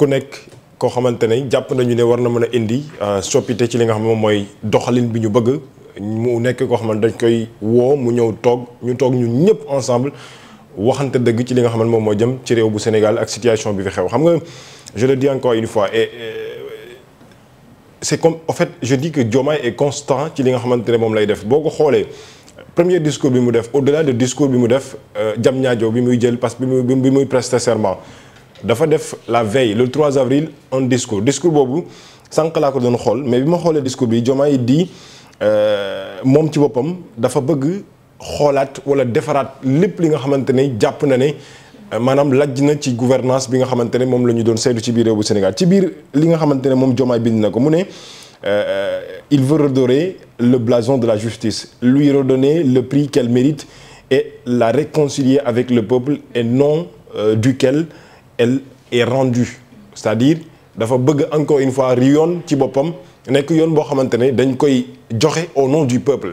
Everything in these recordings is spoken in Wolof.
ku nekk koo xamante ne jàpp nañu ne war na mën a indi euh, soppite ci li nga xam ne moom mooy doxalin bi ñu bëgg mu nekk koo xam ne dañ koy woo mu ñëw toog ñu toog ñun ñëpp ensemble waxante dëgg ci li nga xam ne moom moo jëm ci réew bu Sénégal ak situation bi fi xew xam nga je le dis encore une fois et euh, c'est comme en fait je dis que Diomaye est constant ci li nga xamante ne moom lay def boo ko xoolee premier discours bi mu def au-delà de discours bi mu def jam euh, ñaajo bi muy jël parce que bi muy bi muy prester serment dafa def la veille le 3 avril un discours discours boobu sànq laa ko doon xool mais bi ma xoolee discours bi Diomaye di euh, moom ci boppam dafa bëgg xoolaat wala defaraat lépp li nga xamante ne jàpp na ne euh, maanaam lajj na ci gouvernance bi nga xamante ne moom la ñu doon seetu ci biir réew bu Sénégal ci biir li nga xamante ne moom Diomaye bind na ko mu ne euh, il veut redorer le blason de la justice lui redonner le prix qu'elle mérite et la réconcilier avec le peuple et non duquel elle est rendue cest dire dafa bëgg encore une fois yoon ci boppam nekk yoon boo xamante ne dañ koy joxe au nom du peuple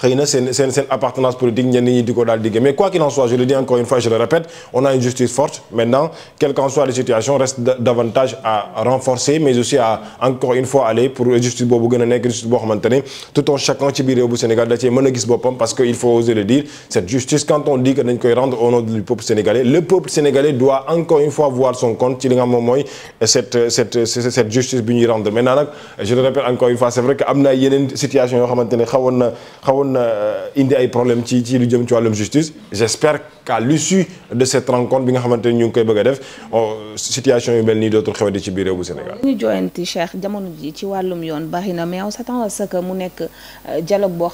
xëy na seen seen appartenance politique ñenn ñi di ko daal di mais quoi qu'il en soit je le dis encore une fois je le répète on a une justice forte maintenant quelle qu'en soit les situations reste davantage à renforcer mais aussi à encore une fois aller pour justice boobu gën a nekk justice boo xamante ne tout un chacun ci biir réew bu Sénégal da mën a gis boppam parce que il faut oser le dire cette justice quand on dit que dañ koy rendre mën na euh, indi ay problème ci ci lu jëm ci wàllum justice j'espère qu'à l'issue de cette rencontre bi nga xamante ñu ngi koy bëgg a def euh, situation yu mel nii dootul xewati ci biir réew bu Sénégal. ñu joyanti Cheikh jamono ji ci wàllum yoon bari mais on s'attend à ce mu nekk euh, dialogue boo